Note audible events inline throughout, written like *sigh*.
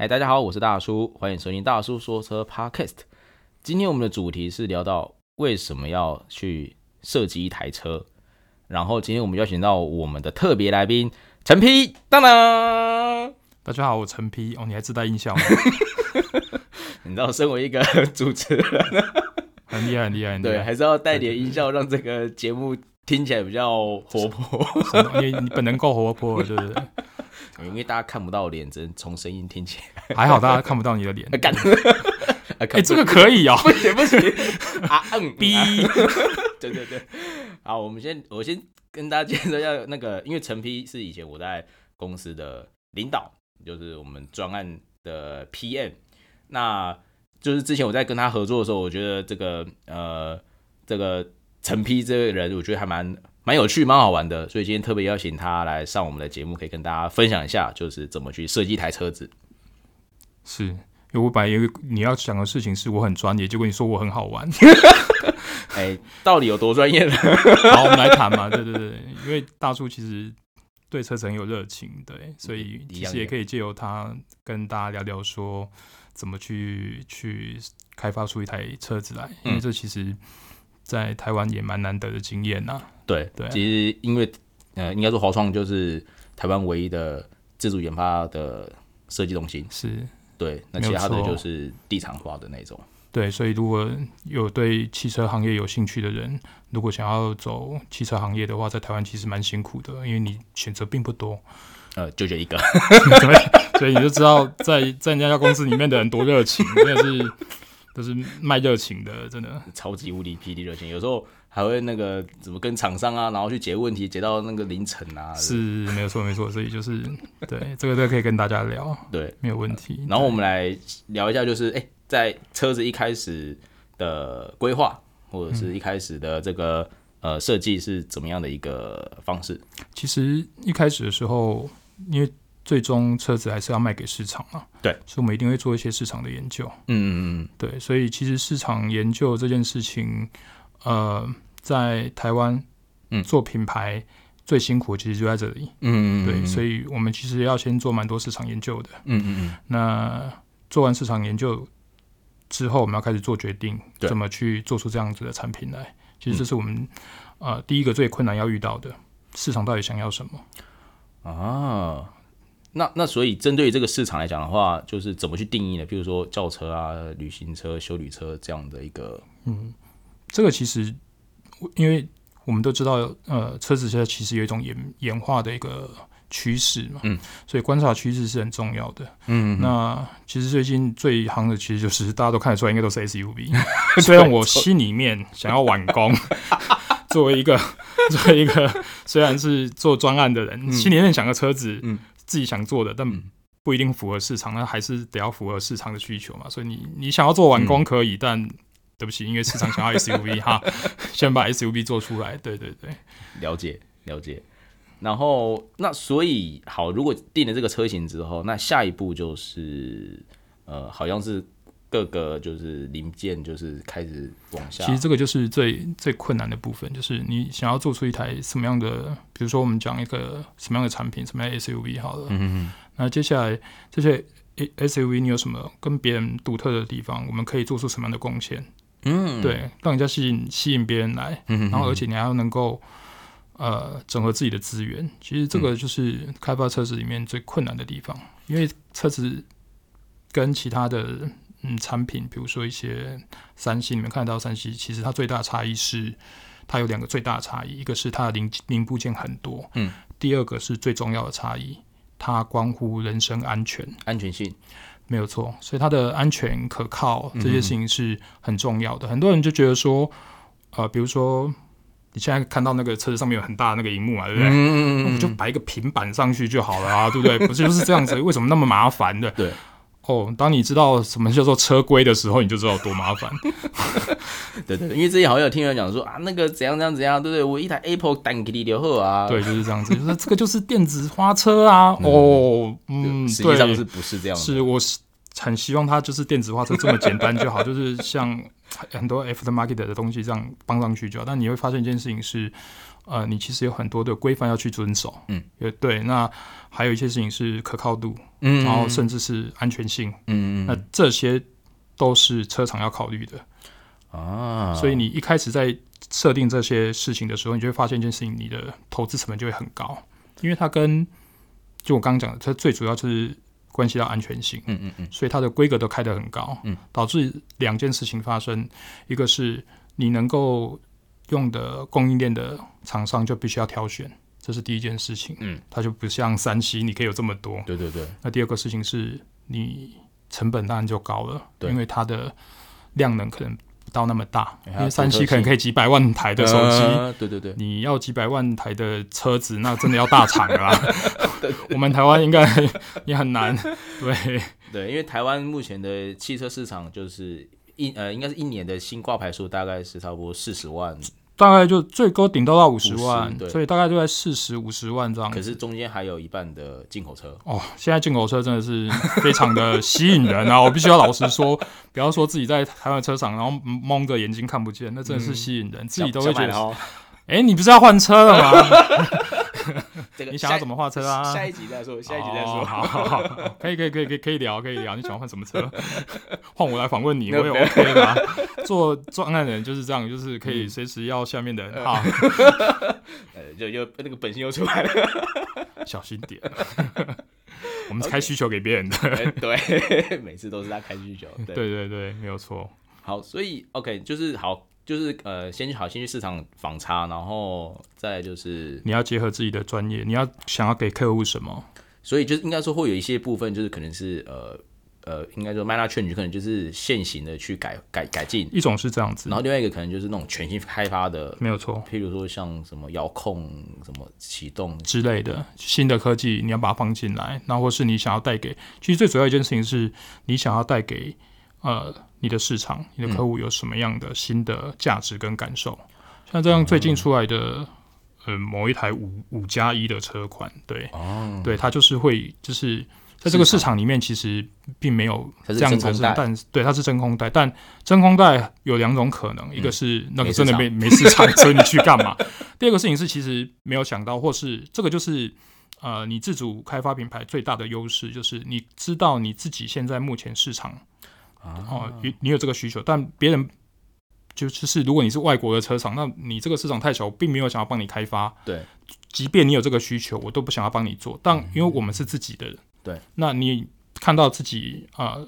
哎，hey, 大家好，我是大叔，歡迎收聽大叔說車 Podcast 今天我們的主題是聊到為什麼要去設計一台車。然後今天我們邀請到我們的特別來賓陳皮當當。大家好，我陳皮哦，你還自帶音效嗎？ *laughs* 你知道，身為一個主持人，很厲害，很厲害。厲害對，還是要帶點音效，對對對對讓這個節目聽起來比較活潑。就是、 *laughs* 你你本能夠活潑，對不對,對？因為大家看不到我臉，只能從聲音聽起來。還好大家看不到你的臉。哎、 *laughs* 欸，這個可以哦、喔，不行不行，啊 *laughs* B，嗯逼。對對對，好，我們先我先跟大家介紹一下那個，因為陳批是以前我在公司的領導，就是我們專案的 PM。那就是之前我在跟他合作的時候，我覺得這個呃，這個陳批這個人，我覺得還蠻，蠻有趣，蠻好玩的，所以今天特別邀請他來上我們的節目，可以跟大家分享一下，就是怎麼去設計一台車子。是，因為我本來有個你要講的事情是我很專業，結果你說我很好玩。哎 *laughs* *laughs* 、欸，到底有多專業呢？ *laughs* 好，我們來談嘛。對對對，因為大叔其實對車子很有熱情，對，所以其實也可以借由他跟大家聊聊，說怎麼去去開發出一台車子來，嗯、因為這其實。在台灣也蠻難得的經驗吶、啊。對對，對，其實因為呃，應該說，華創就是台灣唯一的自主研發的設計中心。是。對，那其他的就是地產化的那種。對，所以如果有對汽車行業有興趣的人，如果想要走汽車行業的話，在台灣其實蠻辛苦的，因為你選擇並不多。呃，就這一個。 *laughs* 對，所以你就知道在在那家公司裡面的人多熱情，真的是。就是賣熱情的，真的超級無敵霹靂熱情，有時候還會那個怎麼跟廠商啊，然後去解問題，解到那個凌晨啊。是，是，是，沒有錯沒錯，所以就是對這個都可以跟大家聊，對， *laughs* 沒有問題。對然後我們來聊一下，就是哎、欸，在車子一開始的規劃，或者是一開始的這個、嗯、呃設計是怎麼樣的一個方式？其實一開始的時候，因為。最終車子還是要賣給市場嘛？對，所以我們一定會做一些市場的研究。嗯嗯對，所以其實市場研究這件事情，呃，在台灣做品牌最辛苦，其實就在這裡。嗯對，所以我們其實要先做蠻多市場研究的。嗯嗯，那做完市場研究之後，我們要開始做決定，對，怎麼去做出這樣子的產品來。其實這是我們呃，第一個最困難要遇到的，市場到底想要什麼啊？那那所以針對這個市場來講的話，就是怎麼去定義呢？比如說轎車啊、旅行車、休旅車這樣的一個，嗯，這個其實因為我們都知道，呃，車子現在其實有一種演演化的一個趨勢嘛，嗯，所以觀察趨勢是很重要的，嗯。嗯那其實最近最行的，其實就是大家都看得出來，應該都是 SUV。雖然以 *laughs* 我心裡面想要輓工， *laughs* 作為一個作為一個雖然是做專案的人，嗯、心裡面想個車子，嗯。自己想做的，但不一定符合市場，那還是得要符合市場的需求嘛。所以你你想要做完工可以，嗯，但對不起，因為市場想要 SUV *laughs* 哈，先把 SUV 做出來。對對對，了解了解。然後那所以好，如果定了這個車型之後，那下一步就是呃，好像是。各個就是零件就是開始往下，其實這個就是最最困難的部分，就是你想要做出一台什麼樣的，比如說我們講一個什麼樣的產品，什麼樣 SUV 好了，嗯哼，那接下來這些 SUV 你有什麼跟別人獨特的地方？我們可以做出什麼樣的貢獻？嗯，對，讓人家吸引吸引別人來，嗯哼哼，然後而且你還要能夠呃整合自己的資源，其實這個就是開發車子裡面最困難的地方，嗯，因為車子跟其他的。嗯，產品比如說一些 3C，你們看得到 3C。其實它最大差異是，它有兩個最大的差異，一個是它的零零部件很多，嗯，第二個是最重要的差異，它關乎人身安全安全性，沒有錯，所以它的安全可靠這些事情是很重要的。嗯、很多人就覺得說，呃，比如說你現在看到那個車子上面有很大的那個熒幕嘛，對不對？嗯嗯嗯嗯，我們就擺一個平板上去就好了啊， *laughs* 對不對？不就是這樣子？為什麼那麼麻煩的？對。哦，oh, 當你知道什麼叫做車規的時候，你就知道多麻煩。對對，因為之前好像有聽人講說啊，那個怎樣怎樣怎樣，對不對，對？我一台 Apple 單給你的貨啊，對，就是這樣子。是 *laughs* 這個就是電子花車啊， *laughs* 哦，嗯，實際上是不是這樣？是，我是很希望它就是電子花車這麼簡單就好， *laughs* 就是像很多 Aftermarket 的東西這樣幫上去就好。 *laughs* 但你會發現一件事情是，呃，你其實有很多的規範要去遵守，嗯，也對。那還有一些事情是可靠度，嗯，嗯，然後甚至是安全性，嗯，嗯嗯。那這些都是車廠要考慮的啊。所以你一開始在設定這些事情的時候，你就會發現一件事情，你的投資成本就會很高，因為它跟就我剛剛講的，它最主要就是關係到安全性，嗯嗯嗯。所以它的規格都開得很高，嗯，導致兩件事情發生，一個是你能夠。用的供應鏈的廠商就必須要挑選，這是第一件事情。嗯，它就不像 3C，你可以有這麼多。對對對。那第二個事情是，你成本當然就高了，對因為它的量能可能不到那麼大。對因為 3C 可能可以幾百萬台的手機。嗯。對對對。你要幾百萬台的車子，那真的要大廠啊。 *laughs* *laughs* 我們台灣應該也很難。對對，因為台灣目前的汽車市場就是。一呃，應該是一年的新掛牌數大概是差不多四十萬，大概就最高頂到到五十萬，對，所以大概就在四十五十萬這樣。可是中間還有一半的進口車哦，現在進口車真的是非常的吸引人啊！我必須要老實說，不要說自己在台灣車廠，然後蒙個眼睛看不見，那真的是吸引人，自己都會覺得，哎，你不是要換車了嗎？ *laughs* 這個，你想要怎麼換車啊？下？下一集再說，下一集再說，哦、好好好，可以可以可以可以，可以聊可以聊，你想要換什麼車？換我來訪問你，我有可以嗎？做撞案人就是這樣，就是可以隨時要下面的號，好，呃，就又那個本性又出來了，小心點， *laughs* 我們開需求給別人的，okay. 對，對，每次都是他開需求，對對，對對，沒有錯，好，所以 OK 就是好。就是呃，先去好，先去市場訪查，然後再就是你要結合自己的專業，你要想要給客戶什麼，所以就是應該說會有一些部分，就是可能是呃呃，應該說 Minor Change 可能就是現行的去改改改進，一種是這樣子，然後另外一個可能就是那種全新開發的，沒有錯，譬如說像什麼遙控、什麼啟動之類的、嗯、新的科技，你要把它放進來，然後或是你想要帶給，其實最主要一件事情是你想要帶給。呃，你的市場，你的客戶有什麼樣的新的價值跟感受？嗯、像這樣最近出來的，嗯、呃，某一台五五加一的車款，對，哦，對，它就是會就是在這個市場裡面，其實並沒有這樣子，是但對，它是真空帶，但真空帶有兩種可能，一個是那個真的沒、嗯、沒市場，沒市場，所以你去幹嘛？ *laughs* 第二個事情是，其實沒有想到，或是這個就是，呃，你自主開發品牌最大的優勢就是你知道你自己現在目前市場。對哦，你、啊、你有這個需求，但別人就是如果你是外國的車廠，那你這個市場太小，我並沒有想要幫你開發。對，即便你有這個需求，我都不想要幫你做。但因為我們是自己的人，嗯、對，那你看到自己啊、呃、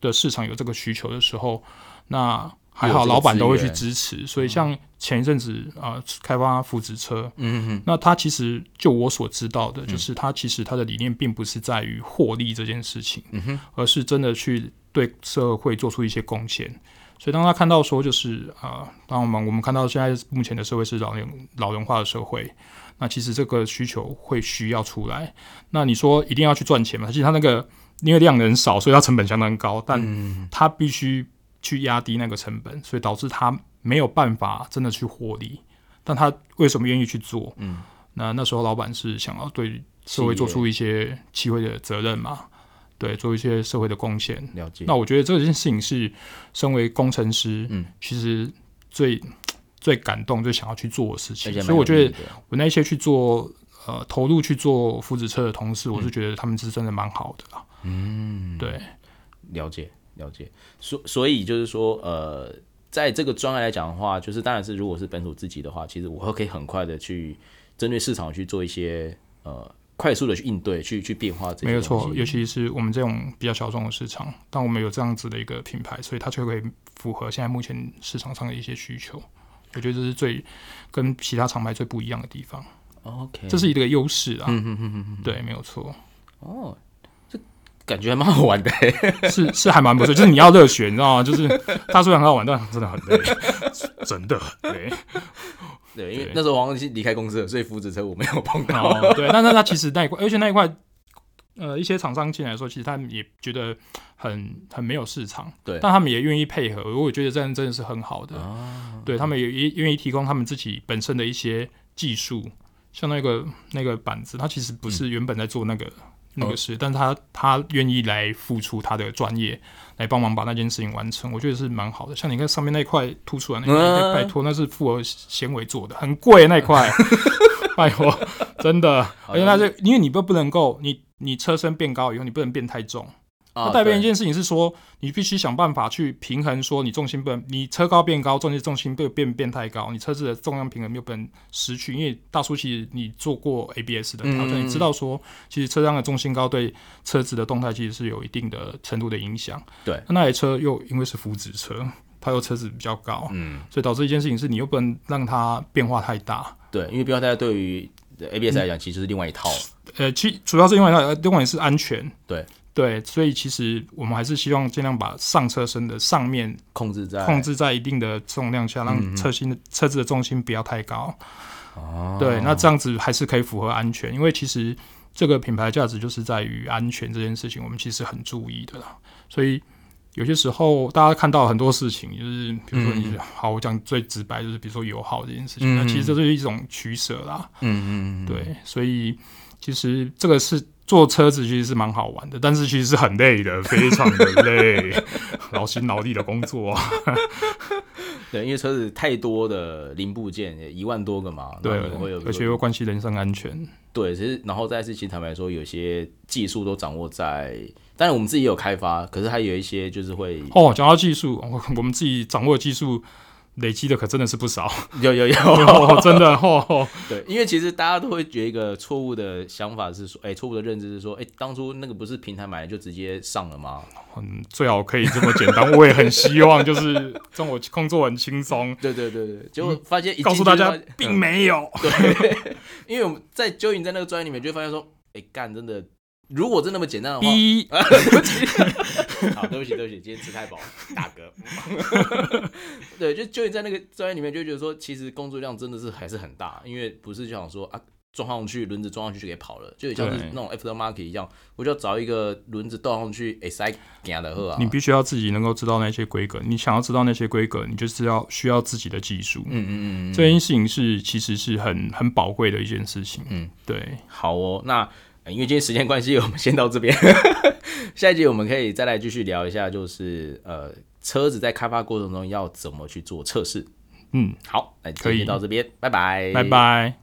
的市場有這個需求的時候，那。還好，老板都會去支持，所以像前一陣子啊、嗯呃，開發福祉車，嗯哼，那他其實就我所知道的，嗯、就是他其實他的理念並不是在於獲利這件事情，嗯哼，而是真的去對社會做出一些貢獻。所以當他看到說，就是啊、呃，當我們我們看到現在目前的社會是老年老人化的社會，那其實這個需求會需要出來。那你說一定要去賺錢嘛？其實他那個因為量很少，所以他成本相當高，但他必須。去壓低那個成本，所以導致他沒有辦法真的去獲利。但他為什麼願意去做？嗯，那那時候老闆是想要對社會做出一些機會的責任嘛？企業。對，做一些社會的貢獻。了解。那我覺得這件事情是身為工程師，嗯，其實最最感動、最想要去做的事情。而且蠻難得的。所以我覺得，我那些去做呃投入去做福祉車的同事，嗯、我是覺得他們是真的蠻好的啦。嗯，對，了解。了解，所所以就是說，呃，在這個專案來講的話，就是當然是如果是本土自己的話，其實我會可以很快的去針對市場去做一些呃快速的去應對，去去變化這些。沒有錯，尤其是我們這種比較小眾的市場，但我們有這樣子的一個品牌，所以它就會符合現在目前市場上的一些需求。我覺得這是最跟其他廠牌最不一樣的地方。OK，這是一個優勢啊。嗯嗯嗯嗯，對，沒有錯。哦。Oh. 感覺還蠻好玩的，欸，是，是是還蠻不錯。 *laughs* 就是你要熱血，你知道嗎？就是他雖然很好玩，但真的很累， *laughs* 真的很累。對，對對，因為那時候王剛離開公司了，所以福祉車我沒有碰到。哦，對， *laughs* 但那那那其實那一塊，而且那一塊，呃，一些廠商進來說，其實他們也覺得很很沒有市場。對，但他們也願意配合。我覺得這樣真的是很好的，哦，對，他們也願意提供他們自己本身的一些技術，像那個那個板子，它其實不是原本在做那個。嗯那個是，但是他他願意來付出他的專業來幫忙把那件事情完成，我覺得是蠻好的。像你看上面那塊凸出來那塊，嗯、拜托那是複合纖維做的，很貴那塊，拜托、 *laughs* 哎、真的。而且那是因為你不不能夠，你你車身變高以後，你不能變太重。它，哦，代表一件事情是說，你必須想辦法去平衡，說你重心不能，你車高變高，重心重心不變變，變太高，你車子的重量平衡又不能失去。因為大叔其實你做過 ABS 的調整，嗯、你知道說，其實車上的重心高對車子的動態其實是有一定的程度的影響。對，那，那台車又因為是福祉車，它又車子比較高，嗯，所以導致一件事情是你又不能讓它變化太大。對，因為不要大家對於 ABS 來講其實是另外一套。嗯、呃，其主要是另外一套，另外也是安全。對。對，所以其實我們還是希望盡量把上車身的上面控制在控制在一定的重量下，讓車身的車子的重心不要太高。對，那這樣子還是可以符合安全，因為其實這個品牌價值就是在於安全這件事情，我們其實很注意的。所以有些時候大家看到很多事情，就是比如說你好，我講最直白就是，比如說油耗這件事情，那其實這是一種取捨啦。嗯嗯，嗯，嗯嗯，對，所以。其實這個是做車子，其實是蠻好玩的，但是其實是很累的，非常的累， *laughs* 勞心勞力的工作。 *laughs* 對，因為車子太多的零部件，一萬多個嘛，對，會有，而且又關係人身安全。對，其實然後再次其實坦白說，有些技術都掌握在，當然我們自己也有開發，可是還有一些就是會哦，講到技術，我們自己掌握的技術。累積的可真的是不少，有有有， *laughs* 有，真的吼。 *laughs* 對，因為其實大家都會覺得一個錯誤的想法，是說，哎、欸，錯誤的認知是說，哎、欸，當初那個不是平台買了就直接上了嗎？嗯，最好可以這麼簡單， *laughs* 我也很希望，就是讓 *laughs* 我工作很輕鬆。對對對對，結果發現、嗯、告訴大家，嗯、並沒有。對，對，對，因為我們在究竟在那個專業裡面，就會發現說，哎、欸，干真的。如果真那麼簡單的話，一好，對不起，對不起，今天吃太飽，打嗝。 *laughs* 對，就就在那個專業裡面，就覺得說，其實工作量真的是還是很大，因為不是想說啊，裝上去，輪子裝上去就給跑了，就像是那種 aftermarket 一樣，我就要找一個輪子倒上去，哎塞，給他的喝啊。你必須要自己能夠知道那些規格，你想要知道那些規格，你就是要需要自己的技術、嗯。嗯嗯嗯，這件事情是其實是很很寶貴的一件事情。嗯，對。好哦，那。因為今天時間關係，我們先到這邊。 *laughs* 下一集我們可以再來繼續聊一下，就是呃，車子在開發過程中要怎麼去做測試。嗯，好，來，今天可以先到這邊，拜拜，拜拜。